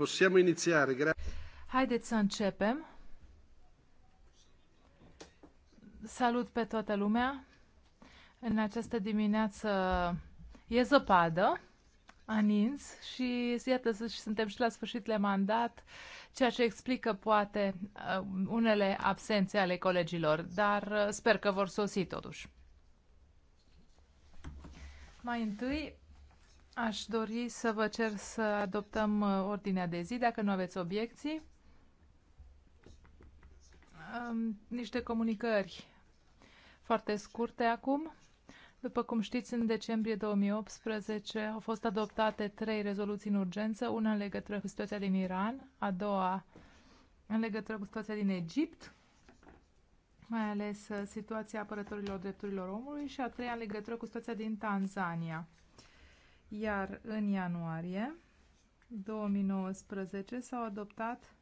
Possiamo iniziare, grazie. Haideți să începem. Salut pe toată lumea. În această dimineață e zăpadă, a nins și iată suntem și la sfârșit de mandat, ceea ce explică poate uh, unele absențe ale colegilor, dar uh, sper că vor sosi totuși. Mai întâi Aș dori să vă cer să adoptăm uh, ordinea de zi, dacă nu aveți obiecții. Niște comunicări foarte scurte acum. După cum știți, în decembrie 2018 au fost adoptate trei rezoluții în urgență, una în legătură cu situația din Iran, a doua în legătură cu situația din Egipt, mai ales uh, situația apărătorilor drepturilor omului și a treia în legătură cu situația din Tanzania. Iar în ianuarie 2019 s-au adoptat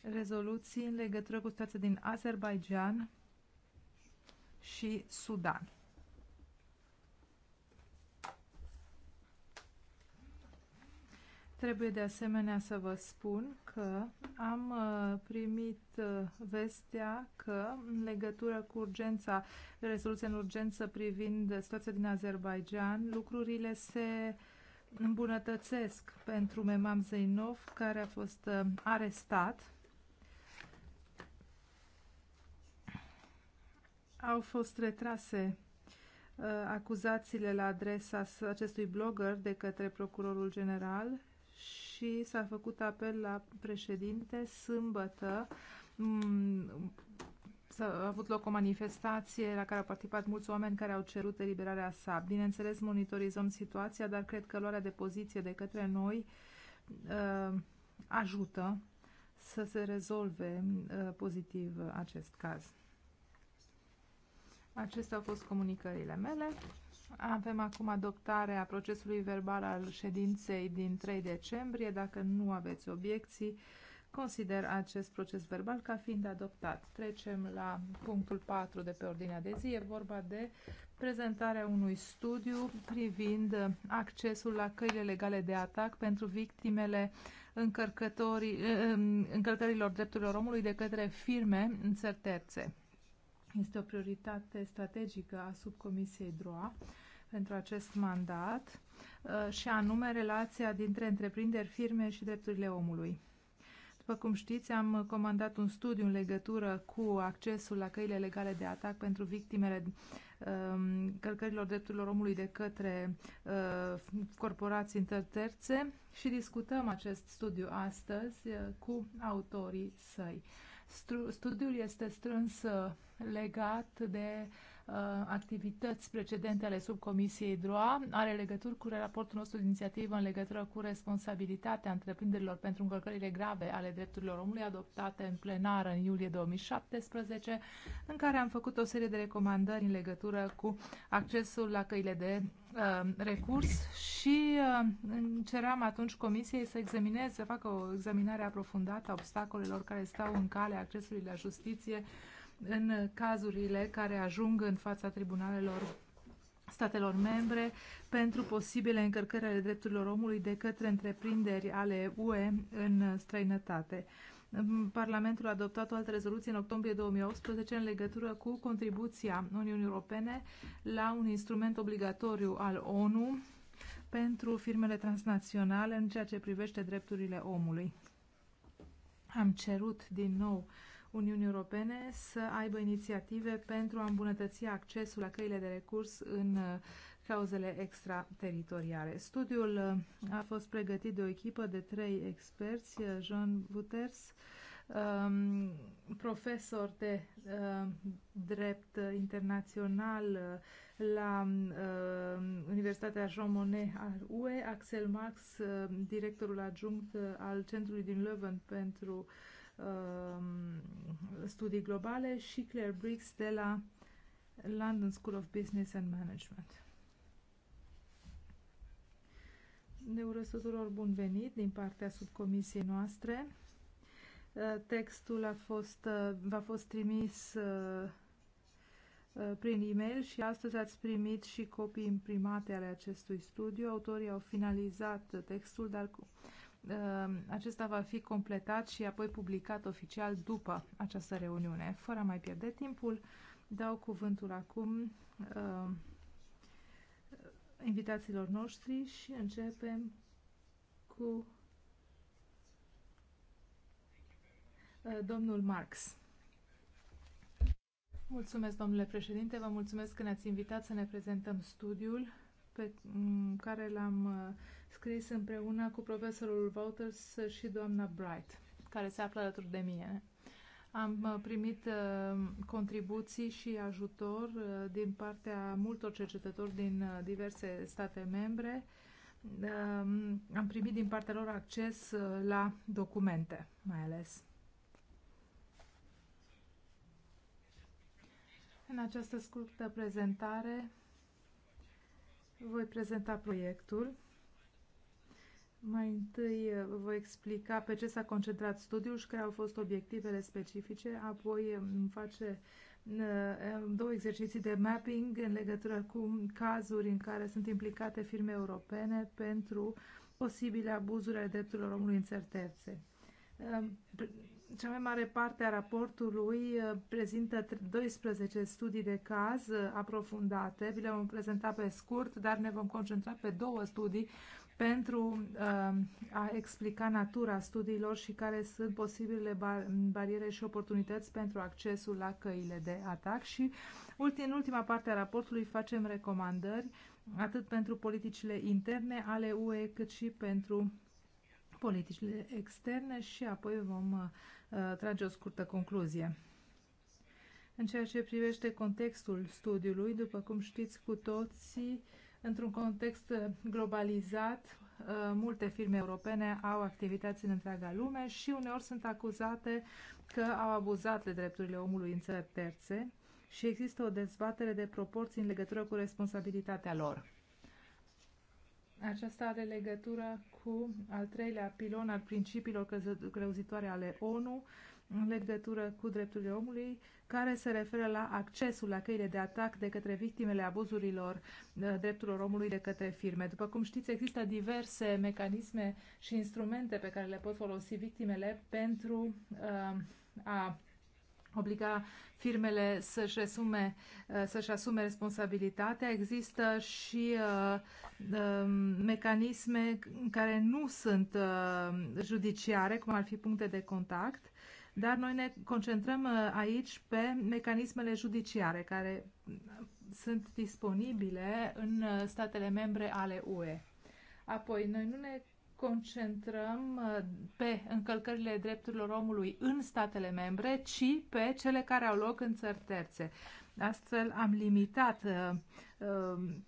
rezoluții în legătură cu situația din Azerbaijan și Sudan. Trebuie de asemenea să vă spun că am uh, primit uh, vestea că în legătură cu urgența, rezoluția în urgență privind situația din Azerbaijan, lucrurile se îmbunătățesc pentru Memam Zeinov, care a fost uh, arestat. Au fost retrase acuzațiile la adresa acestui blogger de către procurorul general și s-a făcut apel la președinte sâmbătă. Mm, s-a avut loc o manifestație la care au participat mulți oameni care au cerut eliberarea sa. Bineînțeles, monitorizăm situația, dar cred că luarea de poziție de către noi uh, ajută să se rezolve uh, pozitiv acest caz. Acestea au fost comunicările mele. Avem acum adoptarea procesului verbal al ședinței din 3 decembrie. Dacă nu aveți obiecții, consider acest proces verbal ca fiind adoptat. Trecem la punctul 4 de pe ordinea de zi. E vorba de prezentarea unui studiu privind accesul la căile legale de atac pentru victimele eh, încălcătorilor drepturilor omului de către firme în țări terțe. Este o prioritate strategică a subcomisiei DROA pentru acest mandat uh, și anume relația dintre întreprinderi, firme și drepturile omului. După cum știți, am comandat un studiu în legătură cu accesul la căile legale de atac pentru victimele um, călcărilor drepturilor omului de către uh, corporații interterțe și discutăm acest studiu astăzi uh, cu autorii săi. Studiul este strâns uh, legat de uh, activități precedente ale subcomisiei DROA, are legături cu raportul nostru de inițiativă în legătură cu responsabilitatea întreprinderilor pentru încălcările grave ale drepturilor omului adoptate în plenară în iulie 2017, în care am făcut o serie de recomandări în legătură cu accesul la căile de Uh, recurs și uh, ceream atunci comisiei să examineze, să facă o examinare aprofundată a obstacolelor care stau în cale accesului la justiție în cazurile care ajung în fața tribunalelor statelor membre pentru posibile încărcări ale drepturilor omului de către întreprinderi ale UE în străinătate. Parlamentul a adoptat o altă rezoluție în octombrie 2018 în legătură cu contribuția Uniunii Europene la un instrument obligatoriu al ONU pentru firmele transnaționale în ceea ce privește drepturile omului. Am cerut din nou Uniunii Europene să aibă inițiative pentru a îmbunătăți accesul la căile de recurs în uh, cauzele extrateritoriale. Studiul uh, a fost pregătit de o echipă de trei experți, uh, Jean Buters, um, profesor de uh, drept internațional la Universitatea Jean Monnet al UE, Axel Max, directorul adjunct al Centrului din Leuven pentru um, studii globale și Claire Briggs de la London School of Business and Management. Ne urez tuturor bun venit din partea subcomisiei noastre. Uh, textul a fost, uh, v-a fost trimis uh, prin e-mail și astăzi ați primit și copii imprimate ale acestui studiu. Autorii au finalizat textul, dar acesta va fi completat și apoi publicat oficial după această reuniune. Fără a mai pierde timpul, dau cuvântul acum invitațiilor noștri și începem cu uh, domnul Marx. Mulțumesc, domnule președinte, vă mulțumesc că ne-ați invitat să ne prezentăm studiul pe mm, care l-am uh, scris împreună cu profesorul Wouters și doamna Bright, care se află alături de mine am uh, primit uh, contribuții și ajutor uh, din partea multor cercetători din diverse state membre. Um, am primit din partea lor acces la documente, mai ales. În această scurtă prezentare voi prezenta proiectul. Mai întâi eh, voi explica pe ce s-a concentrat studiul și care au fost obiectivele specifice, apoi eh, îmi face eh, două exerciții de mapping în legătură cu cazuri în care sunt implicate firme europene pentru posibile abuzuri ale drepturilor omului în țări terțe. Ehm, cea mai mare parte a raportului prezintă 12 studii de caz aprofundate. Vi le vom prezenta pe scurt, dar ne vom concentra pe două studii pentru um, a explica natura studiilor și care sunt bar bariere și oportunități pentru accesul la căile de atac și în ultima parte a raportului facem recomandări atât pentru politicile interne ale UE cât și pentru politicile externe și apoi vom uh, trage o scurtă concluzie. În ceea ce privește contextul studiului, după cum știți cu toții, uh, Într-un context uh, globalizat, uh, multe firme europene au activități în întreaga lume și uneori sunt acuzate că au abuzat de drepturile omului în țări terțe și există o dezbatere de proporții în legătură cu responsabilitatea lor. Aceasta are legătură cu al treilea pilon al principiilor creuzitoare ale ONU, în legătură cu drepturile omului, care se referă la accesul la căile de atac de către victimele abuzurilor uh, drepturilor omului de către firme. După cum știți, există diverse mecanisme și instrumente pe care le pot folosi victimele pentru uh, a obliga firmele să-și, asume, uh, să asume responsabilitatea. Există și uh, um, mecanisme care nu sunt uh, judiciare, cum ar fi puncte de contact, dar noi ne concentrăm uh, aici pe mecanismele judiciare care mm, sunt disponibile în uh, statele membre ale UE. Apoi, noi nu ne concentrăm uh, pe încălcările drepturilor omului în statele membre, ci pe cele care au loc în țări terțe. Astfel am limitat uh, um,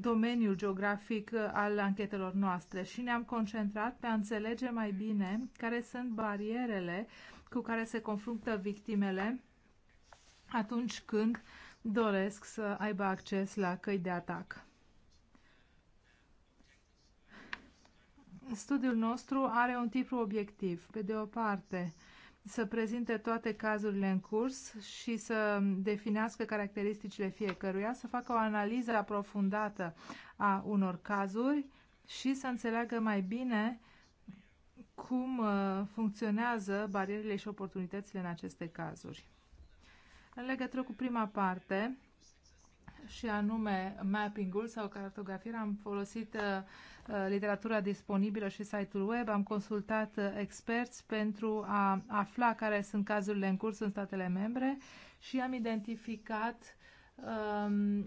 domeniul geografic al anchetelor noastre și ne-am concentrat pe a înțelege mai bine care sunt barierele uh, cu care se confruntă victimele atunci când doresc să aibă acces la căi de atac. Studiul nostru are un titlu obiectiv. Pe de o parte, să prezinte toate cazurile în curs și să definească caracteristicile fiecăruia, să facă o analiză aprofundată a unor cazuri și să înțeleagă mai bine cum uh, funcționează barierile și oportunitățile în aceste cazuri. În legătură cu prima parte, și anume mapping-ul sau cartografia, am folosit uh, uh, literatura disponibilă și site-ul web, am consultat experți pentru a afla care sunt cazurile în curs în statele membre și am identificat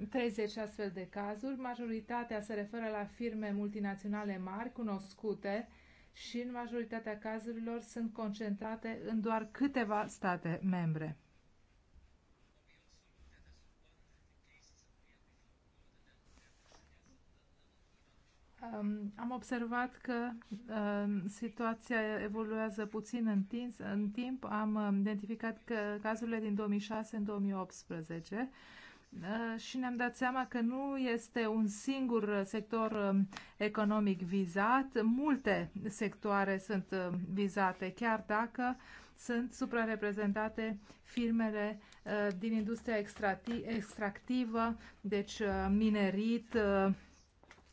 30 um, astfel de cazuri. Majoritatea se referă la firme multinaționale mari, cunoscute, uh, și în majoritatea cazurilor sunt concentrate în doar câteva state membre. Um, am observat că um, situația evoluează puțin în, în timp. Am um, identificat că cazurile din 2006 în 2018 Eh, și ne-am dat seama că nu este un singur sector eh, economic vizat, multe sectoare sunt eh, vizate, chiar dacă sunt suprareprezentate firmele din industria extractivă, deci minerit,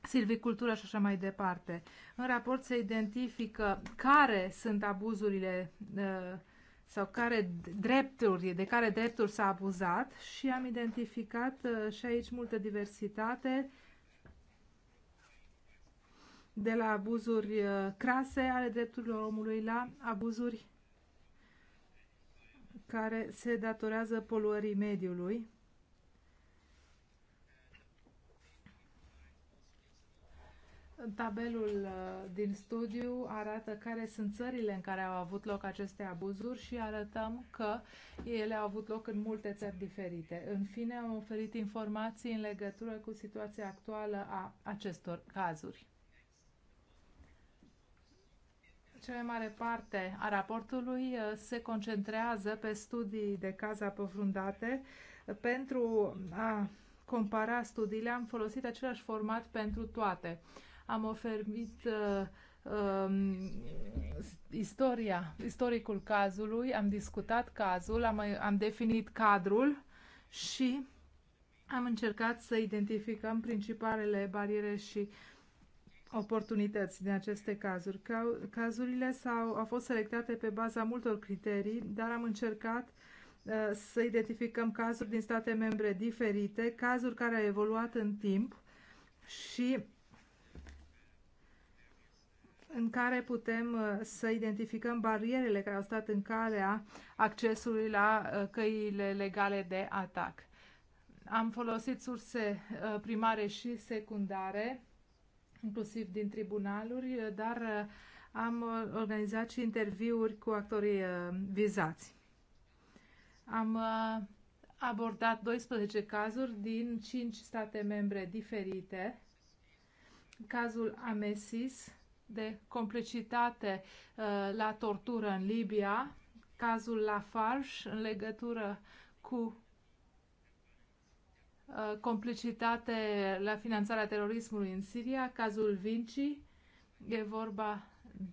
silvicultură și așa mai departe. În raport se identifică care sunt abuzurile uh, sau care drepturi, de care drepturi s-a abuzat și am identificat uh, și aici multă diversitate de la abuzuri uh, crase ale drepturilor omului la abuzuri care se datorează poluării mediului Tabelul uh, din studiu arată care sunt țările în care au avut loc aceste abuzuri și arătăm că ele au avut loc în multe țări diferite. În fine, am oferit informații în legătură cu situația actuală a acestor cazuri. Cea mai mare parte a raportului uh, se concentrează pe studii de caz aprofundate pentru a compara studiile. Am folosit același format pentru toate am oferit uh, um, istoria, istoricul cazului, am discutat cazul, am, am definit cadrul și am încercat să identificăm principalele bariere și oportunități din aceste cazuri. Cazurile s-au, au fost selectate pe baza multor criterii, dar am încercat uh, să identificăm cazuri din state membre diferite, cazuri care au evoluat în timp și în care putem uh, să identificăm barierele care au stat în calea accesului la uh, căile legale de atac. Am folosit surse uh, primare și secundare, inclusiv din tribunaluri, dar am organizat și interviuri cu actorii vizați. Am abordat 12 cazuri din 5 state membre diferite. Cazul Amesis, de complicitate uh, la tortură în Libia, cazul Lafarge în legătură cu uh, complicitate la finanțarea terorismului în Siria, cazul Vinci, e vorba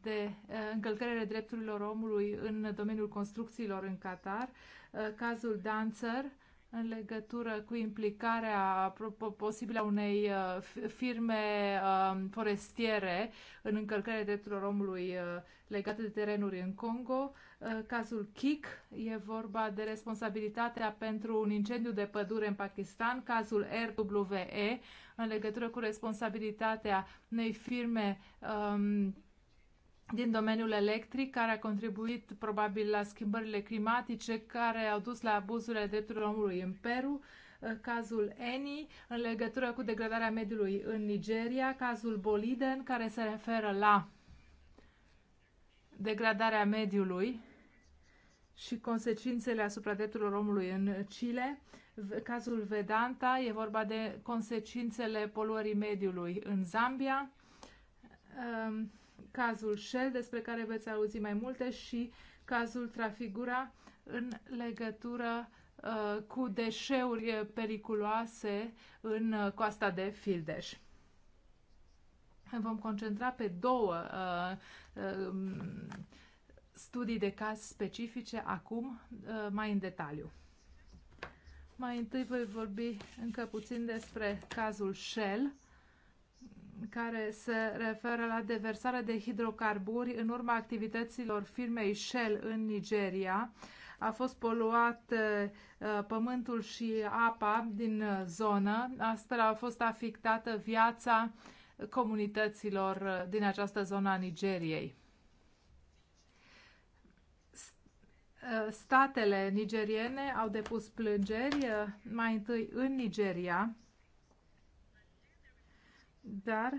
de uh, încălcările drepturilor omului în domeniul construcțiilor în Qatar, uh, cazul Dancer în legătură cu implicarea posibilă a unei uh, firme um, forestiere în încălcarea drepturilor omului uh, legate de terenuri în Congo. Uh, cazul Kik e vorba de responsabilitatea pentru un incendiu de pădure în Pakistan. Cazul RWE în legătură cu responsabilitatea unei firme um, din domeniul electric, care a contribuit probabil la schimbările climatice care au dus la abuzurile drepturilor omului în Peru, eh, cazul Eni în legătură cu degradarea mediului în Nigeria, cazul Boliden care se referă la degradarea mediului și consecințele asupra drepturilor omului în Chile, cazul Vedanta e vorba de consecințele poluării mediului în Zambia, um, cazul Shell, despre care veți auzi mai multe, și cazul Trafigura în legătură uh, cu deșeuri periculoase în uh, coasta de Fildeș. Vom concentra pe două uh, uh, studii de caz specifice acum, uh, mai în detaliu. Mai întâi voi vorbi încă puțin despre cazul Shell care se referă la deversarea de hidrocarburi în urma activităților firmei Shell în Nigeria. A fost poluat uh, pământul și apa din uh, zonă, astfel a fost afectată viața comunităților uh, din această zonă a Nigeriei. Statele nigeriene au depus plângeri mai întâi în Nigeria dar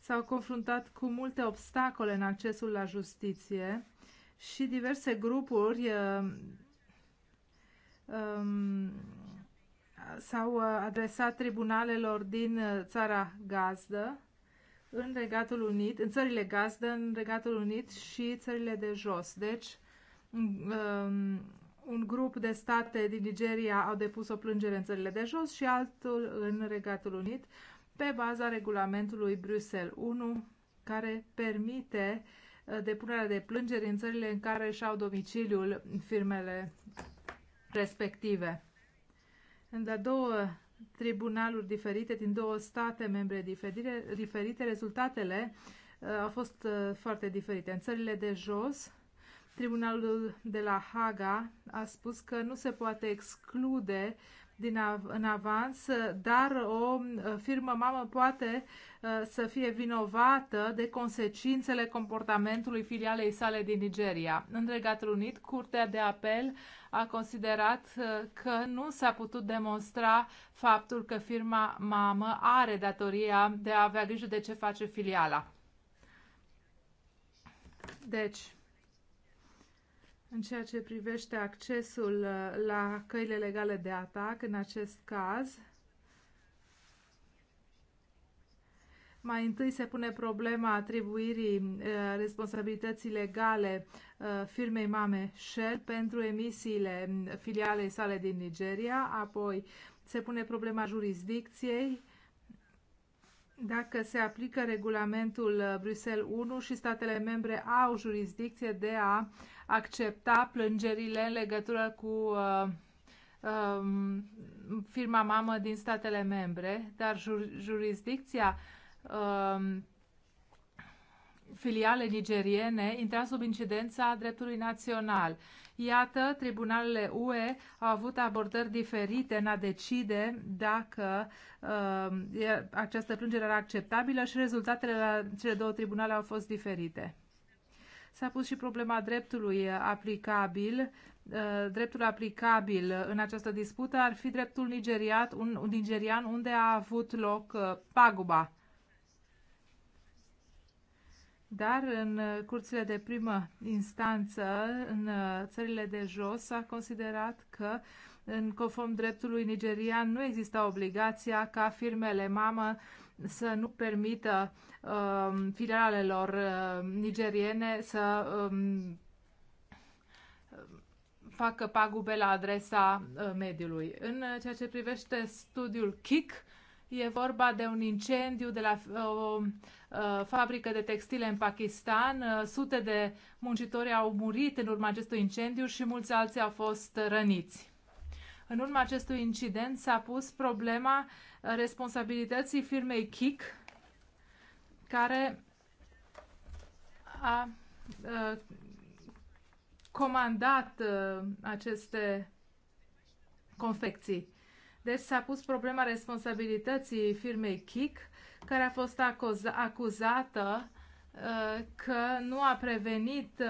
s-au confruntat cu multe obstacole în accesul la justiție și diverse grupuri uh, um, s-au uh, adresat tribunalelor din uh, țara gazdă în Regatul Unit, în țările gazdă, în Regatul Unit și țările de jos. Deci, mm, um, un grup de state din Nigeria au depus o plângere în țările de jos și altul în Regatul Unit pe baza regulamentului Bruxelles 1, care permite uh, depunerea de plângeri în țările în care și-au domiciliul firmele respective. În de două tribunaluri diferite din două state membre diferite, diferite rezultatele uh, au fost uh, foarte diferite. În țările de jos, tribunalul de la Haga a spus că nu se poate exclude din av- în avans, dar o uh, firmă mamă poate uh, să fie vinovată de consecințele comportamentului filialei sale din Nigeria. În Regatul Unit, Curtea de Apel a considerat uh, că nu s-a putut demonstra faptul că firma mamă are datoria de a avea grijă de ce face filiala. Deci, în ceea ce privește accesul uh, la căile legale de atac, în acest caz, Mai întâi se pune problema atribuirii uh, responsabilității legale uh, firmei mame Shell pentru emisiile mm, filialei sale din Nigeria, apoi se pune problema jurisdicției dacă se aplică regulamentul Bruxelles 1 și statele membre au jurisdicție de a uh, accepta plângerile în legătură cu uh, uh, firma mamă din statele membre, dar jur, jurisdicția uh, filiale nigeriene intra sub incidența dreptului național. Iată, tribunalele UE au avut abordări diferite în a decide dacă uh, această plângere era acceptabilă și rezultatele la cele două tribunale au fost diferite. S-a pus și problema dreptului aplicabil. Uh, dreptul aplicabil în această dispută ar fi dreptul nigeriat, un, un nigerian unde a avut loc uh, paguba. Dar în uh, curțile de primă instanță, în țările de jos, s-a considerat că în conform dreptului nigerian nu exista obligația ca firmele mamă uh, să nu permită um, filialelor uh, nigeriene să um, facă pagube la adresa uh, mediului. În uh, ceea ce privește studiul KIC, e vorba de un incendiu de la o uh, uh, fabrică de textile în Pakistan. Uh, sute de muncitori au murit în urma acestui incendiu și mulți alții au fost răniți. În urma acestui incident s-a pus problema uh, responsabilității firmei KIC, care a uh, comandat uh, aceste confecții. Deci s-a pus problema responsabilității firmei KIC, care a fost acuzată că nu a prevenit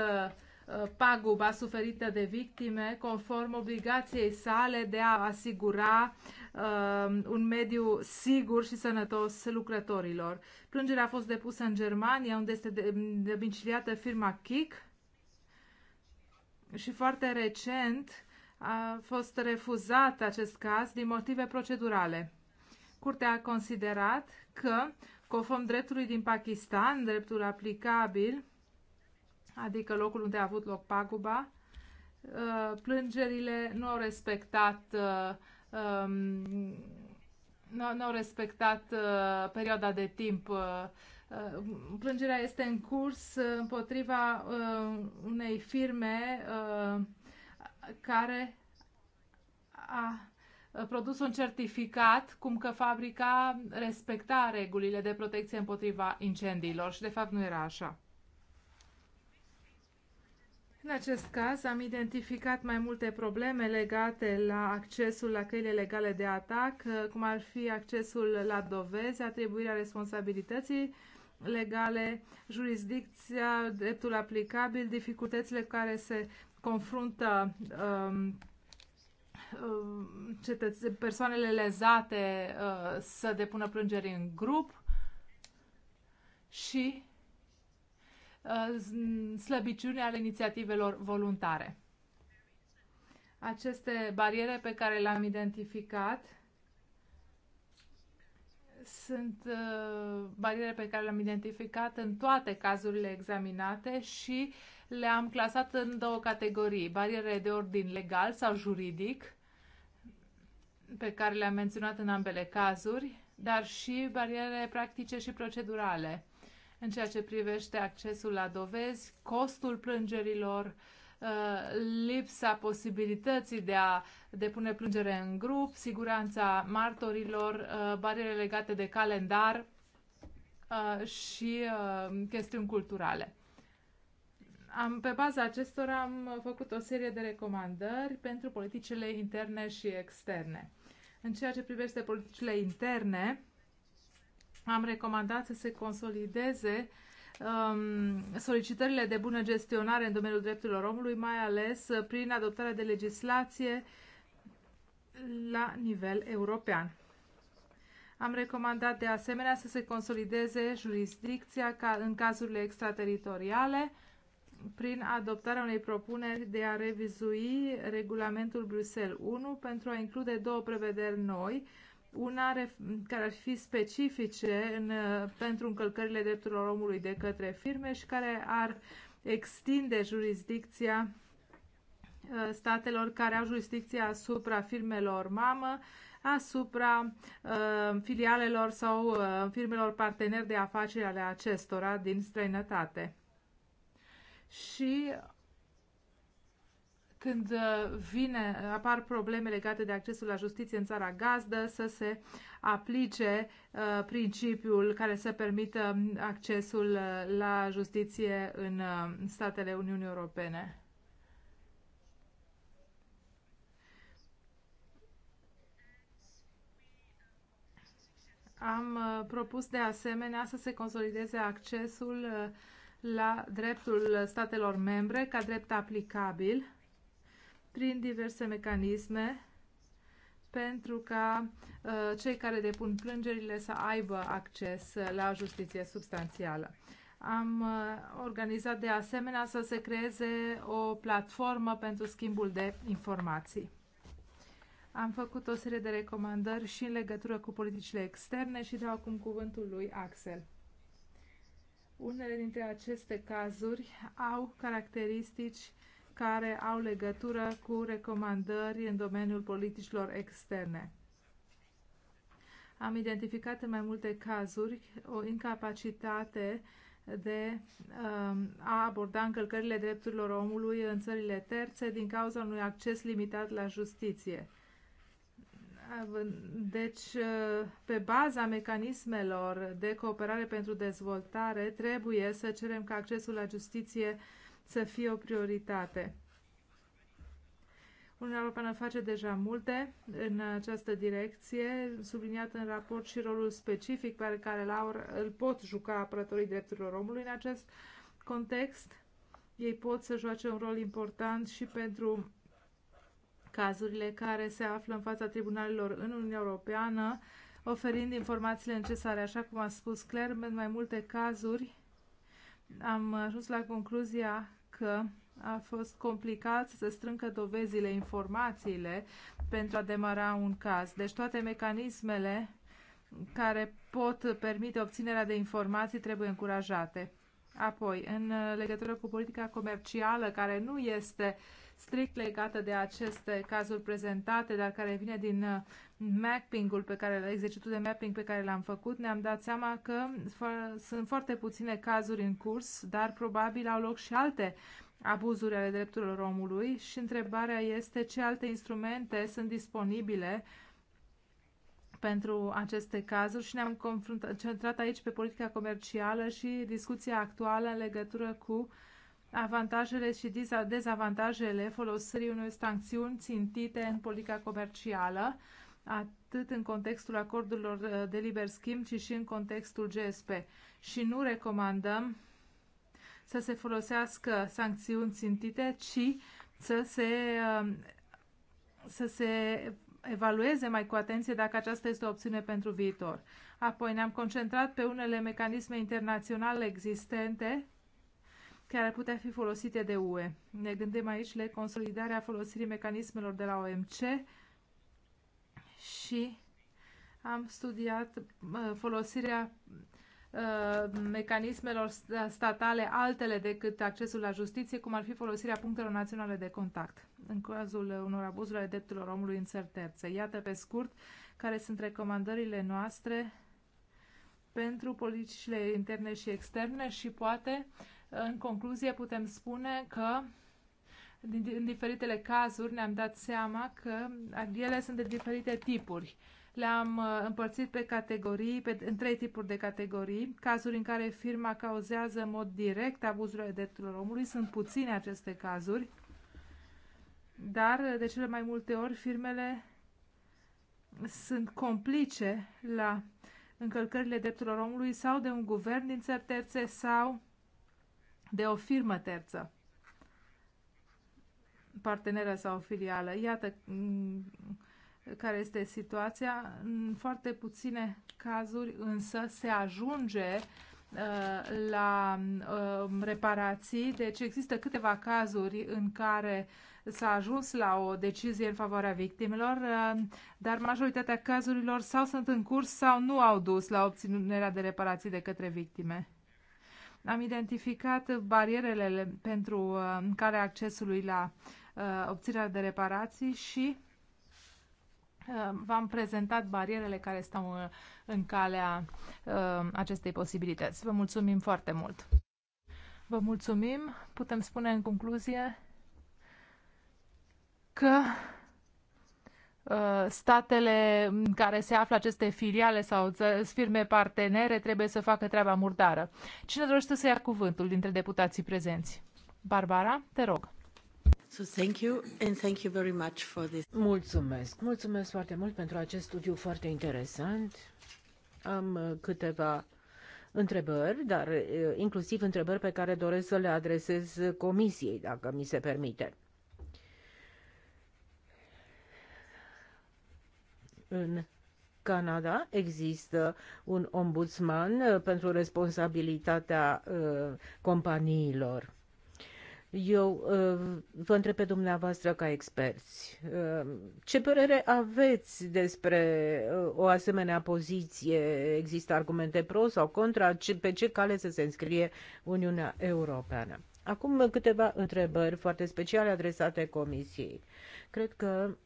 Uh, paguba suferită de victime conform obligației sale de a asigura uh, un mediu sigur și sănătos lucrătorilor. Plângerea a fost depusă în Germania, unde este domiciliată firma KIK și foarte recent a fost refuzat acest caz din motive procedurale. Curtea a considerat că, conform dreptului din Pakistan, dreptul aplicabil, adică locul unde a avut loc paguba. Uh, plângerile nu au respectat uh, um, nu, au respectat uh, perioada de timp. plângerea este în curs împotriva unei firme care a produs un certificat cum că fabrica respecta regulile de protecție împotriva incendiilor și de fapt nu era așa. În acest caz am identificat mai multe probleme legate la accesul la căile legale de atac, cum ar fi accesul la dovezi, atribuirea responsabilității legale, jurisdicția, dreptul aplicabil, dificultățile cu care se confruntă um, um cetățe, persoanele lezate uh, să depună plângeri în grup și Uh, slăbiciune ale inițiativelor voluntare. Aceste bariere pe care le-am identificat sunt uh, bariere pe care le-am identificat în toate cazurile examinate și le-am clasat în două categorii. Bariere de ordin legal sau juridic, pe care le-am menționat în ambele cazuri, dar și bariere practice și procedurale în ceea ce privește accesul la dovezi, costul plângerilor, uh, lipsa posibilității de a depune plângere în grup, siguranța martorilor, uh, bariere legate de calendar uh, și chestiuni culturale. Am, pe baza acestora am făcut o serie de recomandări pentru politicile interne și externe. În ceea ce privește politicile interne, am recomandat să se consolideze um, solicitările de bună gestionare în domeniul drepturilor omului, mai ales uh, prin adoptarea de legislație la nivel european. Am recomandat de asemenea să se consolideze jurisdicția ca în cazurile extrateritoriale prin adoptarea unei propuneri de a revizui regulamentul Bruxelles 1 pentru a include două prevederi noi una care ar fi specifice în, pentru încălcările drepturilor omului de către firme și care ar extinde jurisdicția uh, statelor care au jurisdicția asupra firmelor mamă, asupra uh, filialelor sau uh, firmelor parteneri de afaceri ale acestora din străinătate. Și când uh, vine, apar probleme legate de accesul la justiție în țara gazdă, să se aplice uh, principiul care să permită um, accesul uh, la justiție în uh, statele Uniunii Europene. Am uh, propus de asemenea să se consolideze accesul uh, la dreptul statelor membre ca drept aplicabil prin diverse mecanisme pentru ca uh, cei care depun plângerile să aibă acces la justiție substanțială. Am uh, organizat de asemenea să se creeze o platformă pentru schimbul de informații. Am făcut o serie de recomandări și în legătură cu politicile externe și dau acum cuvântul lui Axel. Unele dintre aceste cazuri au caracteristici uh, care au legătură cu recomandări în domeniul politicilor externe. Am identificat în mai multe cazuri o incapacitate de um, a aborda încălcările drepturilor omului în țările terțe din cauza unui acces limitat la justiție. Deci, uh, pe baza mecanismelor de cooperare pentru dezvoltare, trebuie să cerem ca accesul la justiție uh, să fie o prioritate. Uniunea Europeană face deja multe în această direcție, subliniat în raport și rolul specific pe care îl pot juca apărătorii drepturilor omului în acest context. Ei pot să joace un rol important și pentru cazurile care se află în fața tribunalelor în Uniunea Europeană, oferind informațiile necesare, așa cum a spus Claire, în mai multe cazuri am ajuns la concluzia că a fost complicat să strâncă strângă dovezile, informațiile pentru a demara un caz. Deci toate mecanismele care pot permite obținerea de informații trebuie încurajate. Apoi, în legătură cu politica comercială, care nu este strict legată de aceste cazuri prezentate, dar care vine din mapping-ul pe care, exercițiul de mapping pe care l-am făcut, ne-am dat seama că sunt foarte puține cazuri în curs, dar probabil au loc și alte abuzuri ale drepturilor omului și întrebarea este ce alte instrumente sunt disponibile pentru aceste cazuri și ne-am concentrat aici pe politica comercială și discuția actuală în legătură cu avantajele și dezavantajele folosirii unor sancțiuni țintite în politica comercială atât în contextul acordurilor uh, de liber schimb, ci și în contextul GSP. Și nu recomandăm să se folosească sancțiuni țintite, ci să se, um, să se evalueze mai cu atenție dacă aceasta este o opțiune pentru viitor. Apoi ne-am concentrat pe unele mecanisme internaționale existente care ar putea fi folosite de UE. Ne gândim aici la consolidarea folosirii mecanismelor de la OMC, și am studiat uh, folosirea uh, mecanismelor statale altele decât accesul la justiție, cum ar fi folosirea punctelor naționale de contact în cazul uh, unor abuzuri ale drepturilor omului în țări terțe. Iată pe scurt care sunt recomandările noastre pentru politicile interne și externe și poate în concluzie putem spune că din diferitele cazuri ne-am dat seama că ele sunt de diferite tipuri. Le-am uh, împărțit pe categorii, pe, în trei tipuri de categorii. Cazuri în care firma cauzează în mod direct abuzurile drepturilor omului, sunt puține aceste cazuri, dar uh, de cele mai multe ori firmele sunt complice la încălcările drepturilor omului sau de un guvern din țări terțe sau de o firmă terță parteneră sau filială. Iată mm, care este situația. În foarte puține cazuri însă se ajunge uh, la um, reparații, deci există câteva cazuri în care s-a ajuns la o decizie în favoarea victimelor, uh, dar majoritatea cazurilor sau sunt în curs sau nu au dus la obținerea de reparații de către victime. Am identificat barierele pentru uh, care accesului la Uh, obținerea de reparații și uh, v-am prezentat barierele care stau uh, în calea acestei posibilități. Vă mulțumim foarte mult! Vă mulțumim! Putem spune în concluzie că statele în care se află aceste filiale sau firme partenere trebuie să facă treaba murdară. Cine dorește să ia cuvântul dintre deputații prezenți? Barbara, te rog. So thank you and thank you very much for this. Mulțumesc, mulțumesc foarte mult pentru acest studiu foarte interesant. Am uh, câteva întrebări, dar uh, inclusiv întrebări pe care doresc să le adresez comisiei, dacă mi se permite. În Canada există un ombudsman uh, pentru responsabilitatea companiilor eu uh, vă întreb pe dumneavoastră ca experți, uh, ce părere aveți despre uh, o asemenea poziție? Există argumente pro sau contra? Pe ce cale să se înscrie Uniunea Europeană? Acum câteva întrebări foarte speciale adresate Comisiei. Cred că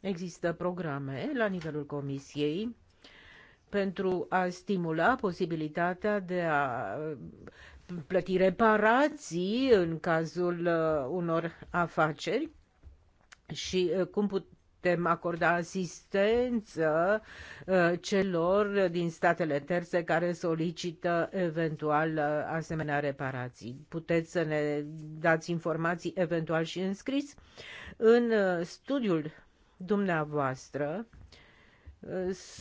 există programe la nivelul Comisiei pentru a stimula posibilitatea de a uh, plăti reparații în cazul uh, unor afaceri și uh, cum putem acorda asistență celor din statele terțe care solicită eventual asemenea reparații. Puteți să ne dați informații eventual și înscris. În studiul dumneavoastră,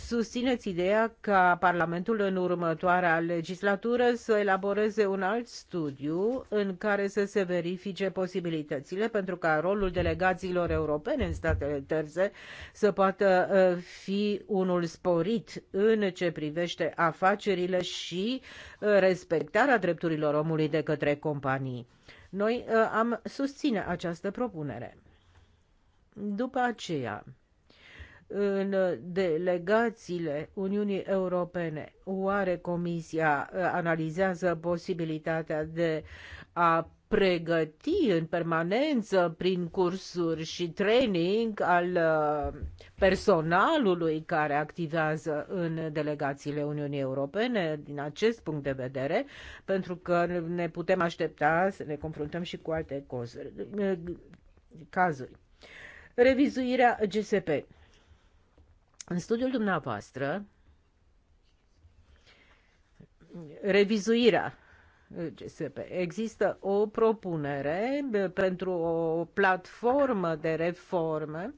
Susțineți ideea ca Parlamentul în următoarea legislatură să elaboreze un alt studiu în care să se verifice posibilitățile pentru ca rolul delegațiilor europene în statele terze să poată uh, fi unul sporit în ce privește afacerile și uh, respectarea drepturilor omului de către companii. Noi uh, am susține această propunere. După aceea, în delegațiile Uniunii Europene. Oare Comisia uh, analizează posibilitatea de a pregăti în permanență prin cursuri și training al uh, personalului care activează în delegațiile Uniunii Europene din acest punct de vedere, pentru că ne putem aștepta să ne confruntăm și cu alte uh, cazuri. Revizuirea GSP în studiul dumneavoastră, revizuirea GSP. Există o propunere pentru o platformă de reforme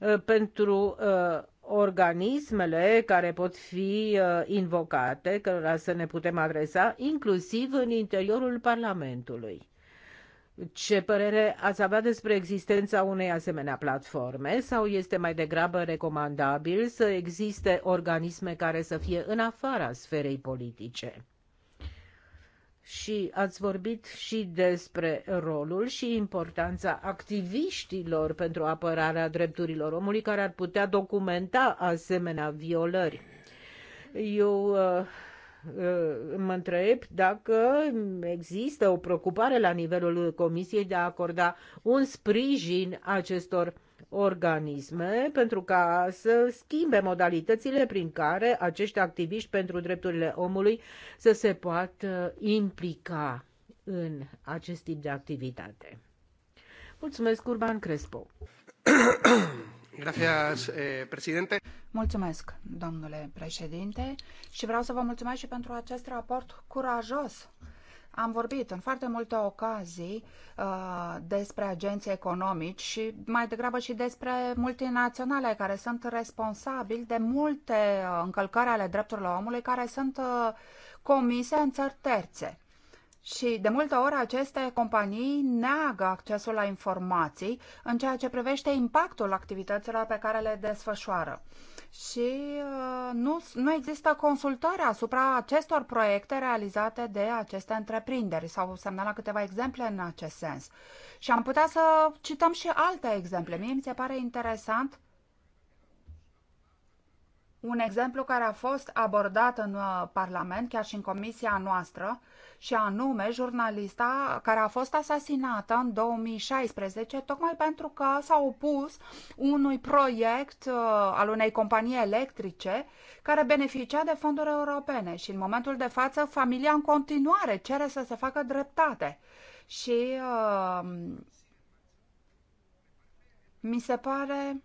uh, pentru uh, organismele care pot fi uh, invocate, cărora să ne putem adresa, inclusiv în interiorul Parlamentului. Ce părere ați avea despre existența unei asemenea platforme sau este mai degrabă recomandabil să existe organisme care să fie în afara sferei politice? Și ați vorbit și despre rolul și importanța activiștilor pentru apărarea drepturilor omului care ar putea documenta asemenea violări. Eu uh, mă întreb dacă există o preocupare la nivelul Comisiei de a acorda un sprijin acestor organisme pentru ca să schimbe modalitățile prin care acești activiști pentru drepturile omului să se poată implica în acest tip de activitate. Mulțumesc, Urban Crespo. Eh, mulțumesc, domnule președinte, și vreau să vă mulțumesc și pentru acest raport curajos am vorbit în foarte multe ocazii uh, despre agenții economici și mai degrabă și despre multinaționale care sunt responsabili de multe uh, încălcări ale drepturilor omului care sunt uh, comise în țări terțe. Și de multe ori aceste companii neagă accesul la informații în ceea ce privește impactul activităților pe care le desfășoară. Și uh, nu, nu există consultări asupra acestor proiecte realizate de aceste întreprinderi. S-au semnalat câteva exemple în acest sens. Și am putea să cităm și alte exemple. Mie mi se pare interesant un exemplu care a fost abordat în uh, Parlament, chiar și în comisia noastră, uh, și anume jurnalista care a fost asasinată în 2016 tocmai pentru că s-a opus unui proiect uh, al unei companii electrice care beneficia de fonduri europene și în momentul de față familia în continuare cere să se facă dreptate. Și uh, mi se pare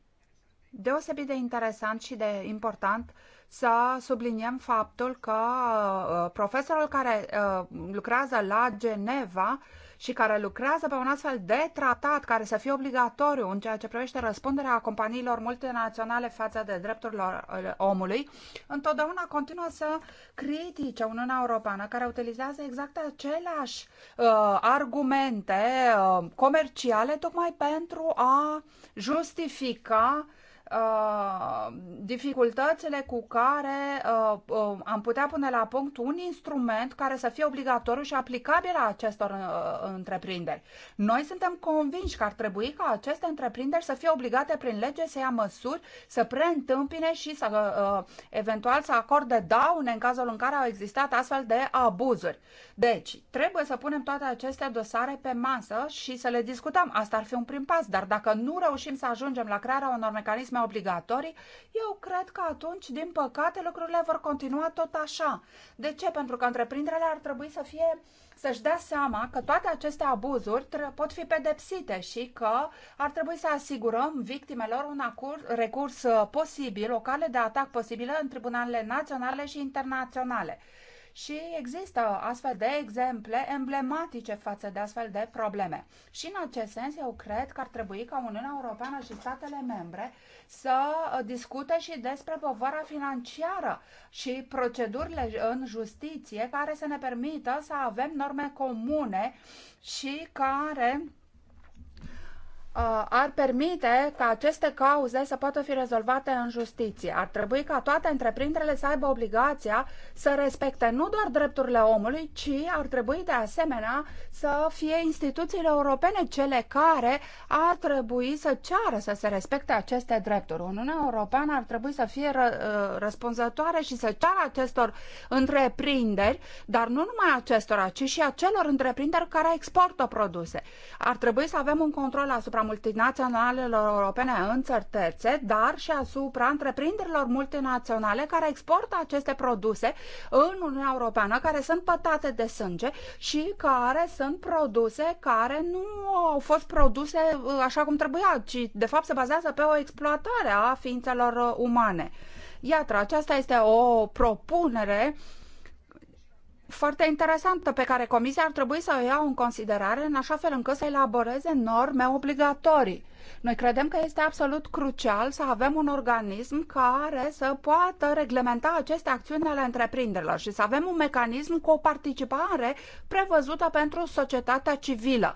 deosebit de interesant și de important să subliniem faptul că uh, profesorul care uh, lucrează la Geneva și care lucrează pe un astfel de tratat care să fie obligatoriu în ceea ce privește răspunderea companiilor multinaționale față de drepturile uh, omului, întotdeauna continuă să critique Uniunea Europeană care utilizează exact aceleași uh, argumente uh, comerciale tocmai pentru a justifica uh, Uh, dificultățile cu care uh, uh, am putea pune la punct un instrument care să fie obligatoriu și aplicabil a acestor uh, întreprinderi. Noi suntem convinși că ar trebui ca aceste întreprinderi să fie obligate prin lege să ia măsuri, să preîntâmpine și să uh, eventual să acorde daune în cazul în care au existat astfel de abuzuri. Deci, trebuie să punem toate aceste dosare pe masă și să le discutăm. Asta ar fi un prim pas, dar dacă nu reușim să ajungem la crearea unor mecanisme obligatorii, eu cred că atunci, din păcate, lucrurile vor continua tot așa. De ce? Pentru că întreprinderile ar trebui să fie să-și dea seama că toate aceste abuzuri pot fi pedepsite și că ar trebui să asigurăm victimelor un recurs uh, posibil, o cale de atac posibilă în tribunalele naționale și internaționale și există astfel de exemple emblematice față de astfel de probleme. Și în acest sens, eu cred că ar trebui ca Uniunea Europeană și statele membre să uh, discute și despre povara financiară și procedurile uh, în justiție care să ne permită să avem norme comune și care Uh, ar permite ca aceste cauze să poată fi rezolvate în justiție. Ar trebui ca toate întreprinderile să aibă obligația să respecte nu doar drepturile omului, ci ar trebui de asemenea să fie instituțiile europene cele care ar trebui să ceară să se respecte aceste drepturi. Uniunea Europeană ar trebui să fie ră, uh, răspunzătoare și să ceară acestor întreprinderi, dar nu numai acestora, ci și acelor întreprinderi care exportă produse. Ar trebui să avem un control asupra asupra multinaționalelor europene în țări terțe, dar și asupra întreprinderilor multinaționale care exportă aceste produse în Uniunea Europeană, care sunt pătate de sânge și care sunt produse care nu au fost produse uh, așa cum trebuia, ci de fapt se bazează pe o exploatare a ființelor uh, umane. Iată, aceasta este o propunere uh, foarte interesantă pe care Comisia ar trebui să o ia în considerare în așa fel încât să elaboreze norme obligatorii. Noi credem că este absolut crucial să avem un organism care să poată reglementa aceste acțiuni ale întreprinderilor și să avem un mecanism cu o participare prevăzută pentru societatea civilă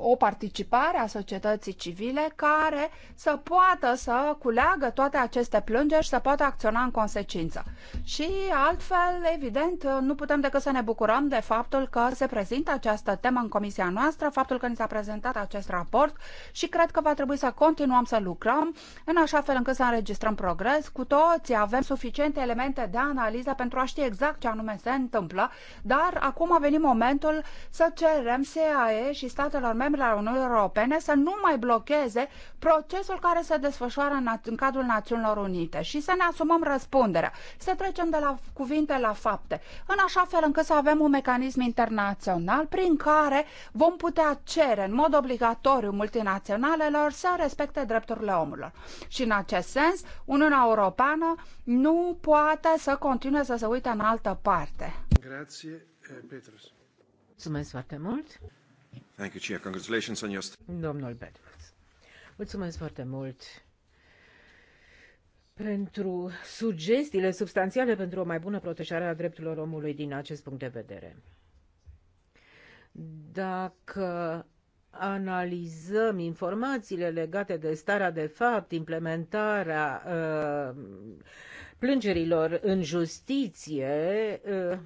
o participare a societății civile care să poată să culeagă toate aceste plângeri și să poată acționa în consecință. Și altfel, evident, nu putem decât să ne bucurăm de faptul că se prezintă această temă în comisia noastră, faptul că ni s-a prezentat acest raport și cred că va trebui să continuăm să lucrăm în așa fel încât să înregistrăm progres. Cu toții avem suficiente elemente de analiză pentru a ști exact ce anume se întâmplă, dar acum a venit momentul să cerem CAE și statelor membre membre Uniunii Europene să nu mai blocheze procesul care se desfășoară în, în cadrul Națiunilor Unite și să ne asumăm răspunderea, să trecem de la cuvinte la fapte, în așa fel încât să avem un mecanism internațional prin care vom putea cere în mod obligatoriu multinaționalelor să respecte drepturile omului. Și în acest sens, Uniunea Europeană nu poate să continue să se uite în altă parte. Grazie, eh, Petrus. Mulțumesc foarte mult. Thank you, Chair. Congratulations on your... Domnul Bedford, mulțumesc foarte mult pentru sugestiile substanțiale pentru o mai bună protejare a drepturilor omului din acest punct de vedere. Dacă analizăm informațiile legate de starea de fapt, implementarea uh, plângerilor în justiție, uh,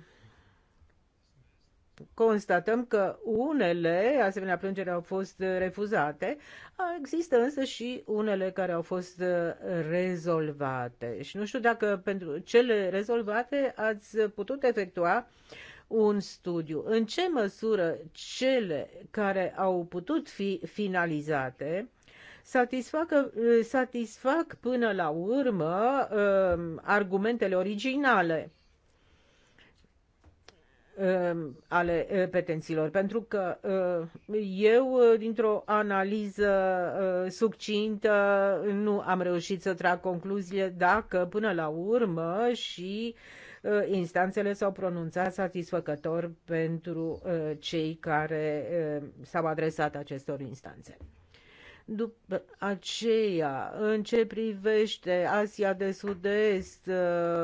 constatăm că unele asemenea plângeri au fost uh, refuzate, există însă și unele care au fost uh, rezolvate. Și nu știu dacă pentru cele rezolvate ați putut efectua un studiu. În ce măsură cele care au putut fi finalizate satisfac uh, satisfac până la urmă argumentele originale Um, ale uh, petenților, pentru că uh, eu, uh, dintr-o analiză succintă, nu am reușit să trag concluziile dacă, până la urmă, și instanțele s-au pronunțat satisfăcător pentru cei care s-au adresat acestor instanțe. După aceea, în ce privește Asia de Sud-Est,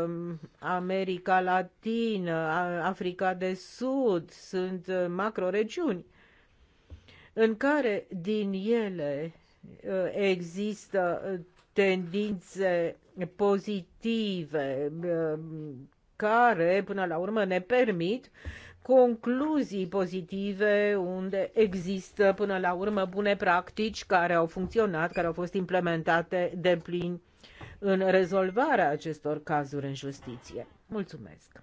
um, America Latină, Africa de Sud, sunt uh, macroregiuni în care din ele uh, există uh, tendințe pozitive care, până la urmă, ne permit concluzii pozitive unde există până la urmă bune practici care au funcționat, care au fost implementate de plin în rezolvarea acestor cazuri în justiție. Mulțumesc!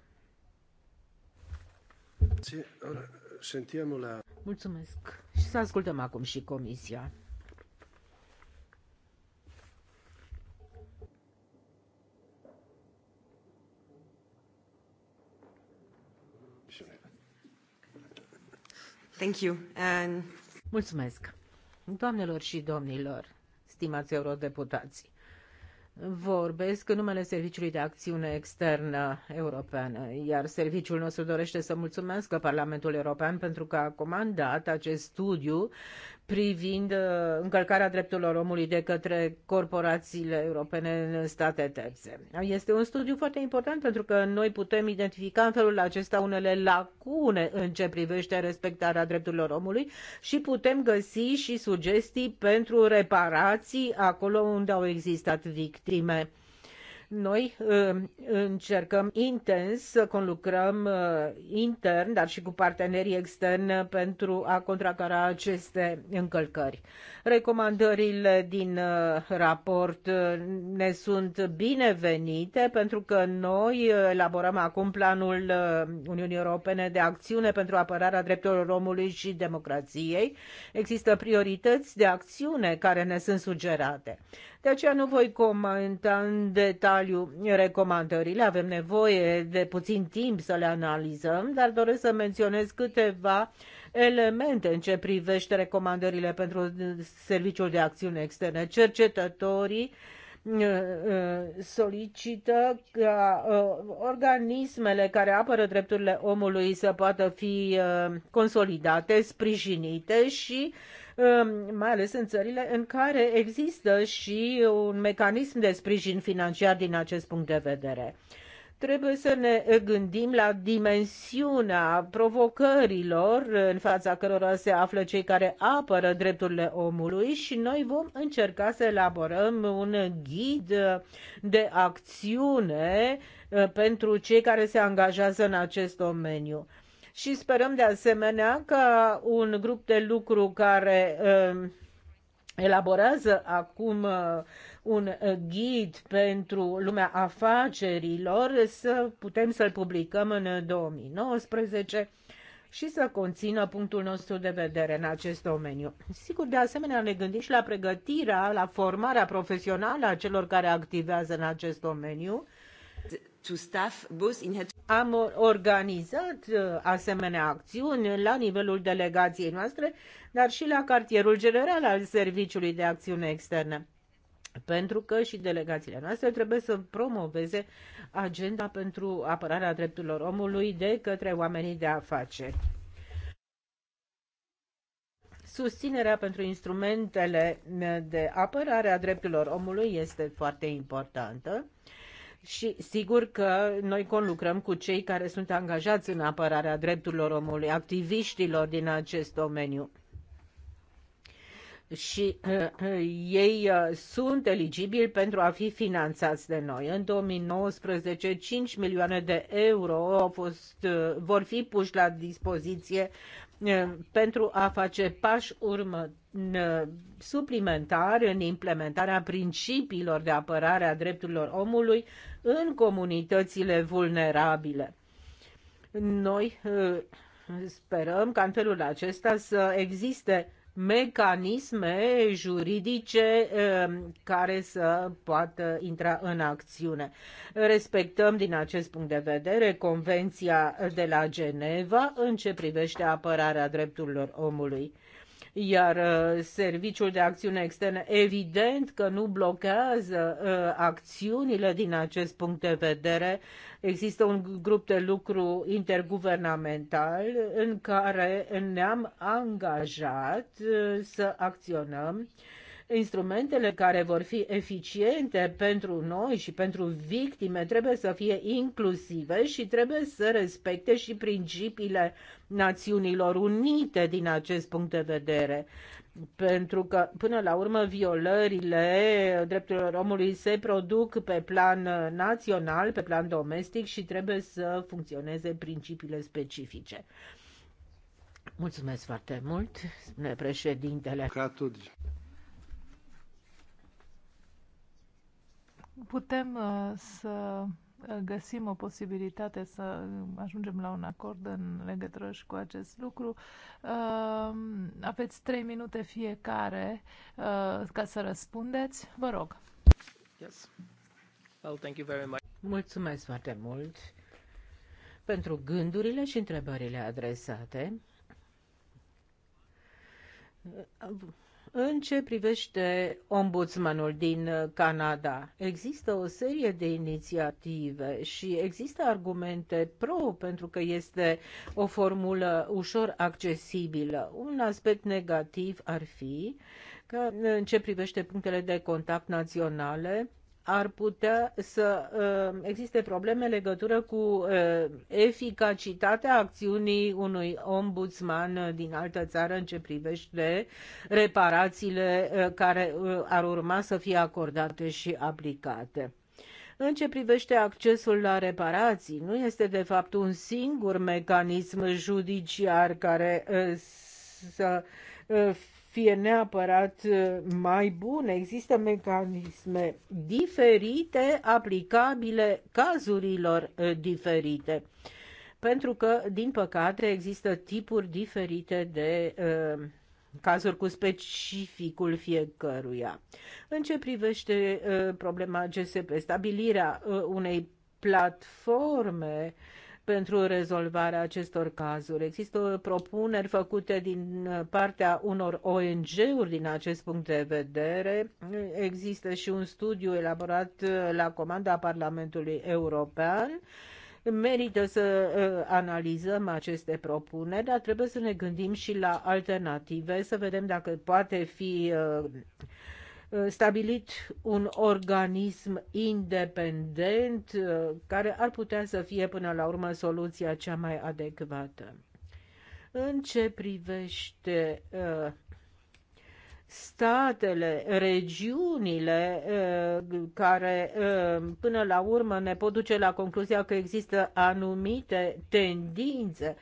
Mulțumesc și să ascultăm acum și Comisia. Mulțumesc. Doamnelor și domnilor, stimați eurodeputați, vorbesc în numele Serviciului de Acțiune Externă Europeană, iar serviciul nostru dorește să mulțumesc Parlamentul European pentru că a comandat acest studiu privind uh, încălcarea drepturilor omului de către corporațiile europene în state terțe. Este un studiu foarte important pentru că noi putem identifica în felul acesta unele lacune în ce privește respectarea drepturilor omului și putem găsi și sugestii pentru reparații acolo unde au existat victime noi ă, încercăm intens să conlucrăm ă, intern, dar și cu partenerii externi pentru a contracara aceste încălcări. Recomandările din ă, raport ne sunt binevenite pentru că noi elaborăm acum planul Uniunii Europene de acțiune pentru apărarea drepturilor omului și democrației. Există priorități de acțiune care ne sunt sugerate. De aceea nu voi comenta în detaliu recomandările. Avem nevoie de puțin timp să le analizăm, dar doresc să menționez câteva elemente în ce privește recomandările pentru Serviciul de Acțiune Externe. Cercetătorii uh, uh, solicită ca uh, organismele care apără drepturile omului să poată fi consolidate, sprijinite și Ehm, mai ales în țările în care există și un mecanism de sprijin financiar din acest punct de vedere trebuie să ne gândim la dimensiunea provocărilor în fața cărora se află cei care apără drepturile omului și noi vom încerca să elaborăm un ghid de acțiune eh, pentru cei care se angajează în acest domeniu și sperăm de asemenea ca un grup de lucru care um, elaborează acum uh, un ghid pentru lumea afacerilor, să putem să-l publicăm în 2019 și să conțină punctul nostru de vedere în acest domeniu. Sigur, de asemenea, ne gândim și la pregătirea, la formarea profesională a celor care activează în acest domeniu, to staff both in am organizat uh, asemenea acțiuni la nivelul delegației noastre, dar și la cartierul general al Serviciului de Acțiune Externă. Pentru că și delegațiile noastre trebuie să promoveze agenda pentru apărarea drepturilor omului de către oamenii de afaceri. Susținerea pentru instrumentele de apărare a drepturilor omului este foarte importantă și sigur că noi conlucrăm cu cei care sunt angajați în apărarea drepturilor omului, activiștilor din acest domeniu și uh, ei uh, sunt eligibili pentru a fi finanțați de noi. În 2019, 5 milioane de euro au fost, uh, vor fi puși la dispoziție pentru a face pași urmă suplimentari în implementarea principiilor de apărare a drepturilor omului în comunitățile vulnerabile. Noi sperăm ca în felul acesta să existe mecanisme juridice um, care să poată intra în acțiune. Respectăm din acest punct de vedere Convenția de la Geneva în ce privește apărarea drepturilor omului iar uh, Serviciul de Acțiune Externă evident că nu blochează uh, acțiunile din acest punct de vedere. Există un grup de lucru interguvernamental în care ne-am angajat uh, să acționăm instrumentele care vor fi eficiente pentru noi și pentru victime trebuie să fie inclusive și trebuie să respecte și principiile Națiunilor Unite din acest punct de vedere pentru că până la urmă violările drepturilor omului se produc pe plan național, pe plan domestic și trebuie să funcționeze principiile specifice. Mulțumesc foarte mult, spune președintele. putem uh, să uh, găsim o posibilitate să um, ajungem la un acord în legătură și cu acest lucru. Um, aveți trei minute fiecare uh, ca să răspundeți. Vă rog. Yes. Well, thank you very much. Mulțumesc foarte mult pentru gândurile și întrebările adresate. În ce privește ombudsmanul din Canada, există o serie de inițiative și există argumente pro pentru că este o formulă ușor accesibilă. Un aspect negativ ar fi că în ce privește punctele de contact naționale, ar putea să uh, existe probleme în legătură cu uh, eficacitatea acțiunii unui ombudsman uh, din altă țară în ce privește reparațiile care ar urma să fie acordate și aplicate. În ce privește accesul la reparații, nu este de fapt un singur mecanism judiciar care să fie neapărat uh, mai bun, Există mecanisme diferite aplicabile cazurilor uh, diferite. Pentru că, din păcate, există tipuri diferite de uh, cazuri cu specificul fiecăruia. În ce privește uh, problema GSP, stabilirea uh, unei platforme uh, pentru rezolvarea acestor cazuri. Există propuneri făcute din partea unor ONG-uri din acest punct de vedere. Există și un studiu elaborat la comanda Parlamentului European. Merită să uh, analizăm aceste propuneri, dar trebuie să ne gândim și la alternative, să vedem dacă poate fi uh, stabilit un organism independent uh, care ar putea să fie până la urmă soluția cea mai adecvată. În ce privește uh, statele, regiunile uh, care până la urmă ne pot duce la concluzia că există anumite tendințe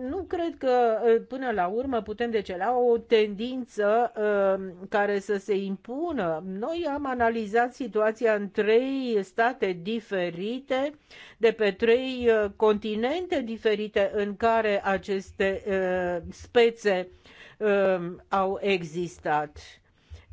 nu cred că ă, până la urmă putem decela o tendință ă, care să se impună. Noi am analizat situația în trei state diferite, de pe trei ă, continente diferite în care aceste spețe au existat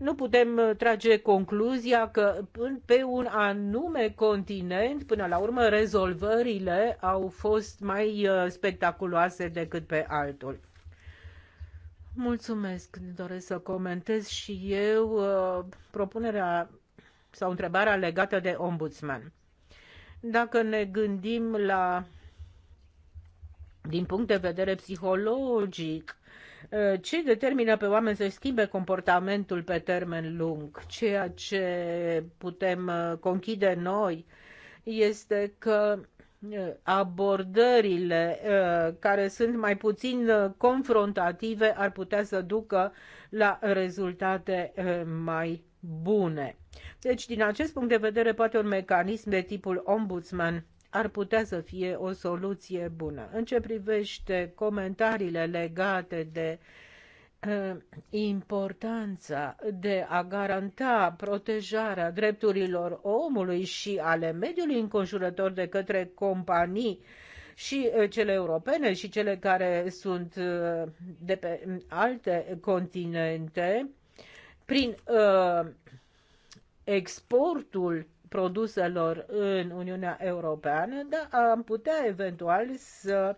nu putem uh, trage concluzia că pe un anume continent, până la urmă, rezolvările au fost mai uh, spectaculoase decât pe altul. Mulțumesc. Doresc să comentez și eu uh, propunerea sau întrebarea legată de ombudsman. Dacă ne gândim la din punct de vedere psihologic Eh, ce determină pe oameni să schimbe comportamentul pe termen lung. Ceea ce putem eh, conchide noi este că eh, abordările care sunt mai puțin confrontative ar putea să ducă la rezultate mai bune. Deci, din acest punct de vedere, poate un mecanism de tipul ombudsman ar putea să fie o soluție bună. În ce privește comentariile legate de uh, importanța de a garanta protejarea drepturilor omului și ale mediului înconjurător de către companii și uh, cele europene și cele care sunt uh, de pe alte continente, prin exportul produselor în Uniunea Europeană, dar am putea eventual să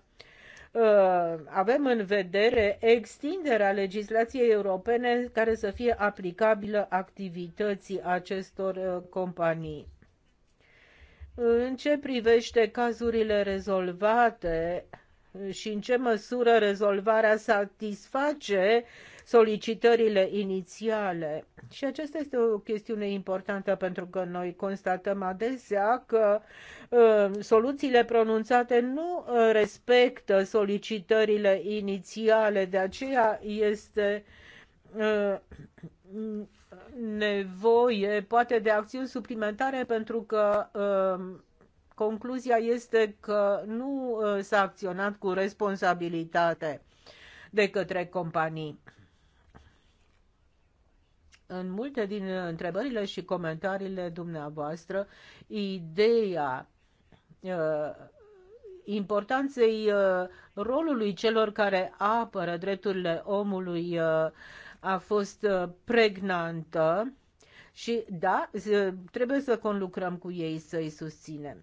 uh, avem în vedere extinderea legislației europene care să fie aplicabilă activității acestor uh, companii. În ce privește cazurile rezolvate și în ce măsură rezolvarea satisface uh, solicitările inițiale. Și aceasta este o chestiune importantă pentru că noi constatăm adesea că uh, soluțiile pronunțate nu uh, respectă solicitările inițiale, de aceea este uh, nevoie poate de acțiuni suplimentare pentru că uh, concluzia este că nu uh, s-a acționat cu responsabilitate de către companii în multe din întrebările și comentariile dumneavoastră ideea uh, importanței uh, rolului celor care apără drepturile omului uh, a fost pregnantă și da, trebuie să conlucrăm cu ei, să-i susținem.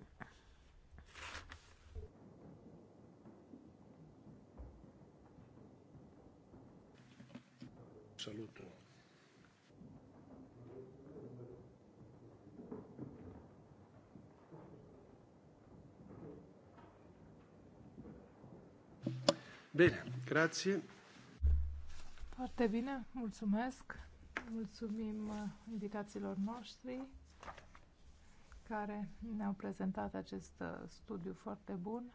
Bine, grație. Foarte bine, mulțumesc. Mulțumim uh, invitațiilor noștri care ne-au prezentat acest uh, studiu foarte bun,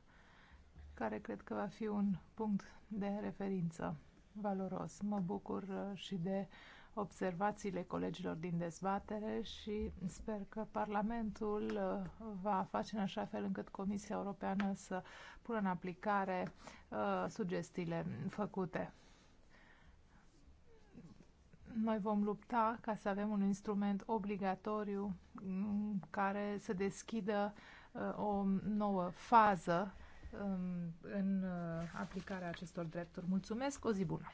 care cred că va fi un punct de referință valoros. Mă bucur uh, și de observațiile colegilor din dezbatere și sper că Parlamentul uh, va face în așa fel încât Comisia Europeană să pună în aplicare uh, sugestiile făcute. Noi vom lupta ca să avem un instrument obligatoriu mm, care să deschidă uh, o nouă fază um, în aplicarea acestor drepturi. Mulțumesc, o zi bună!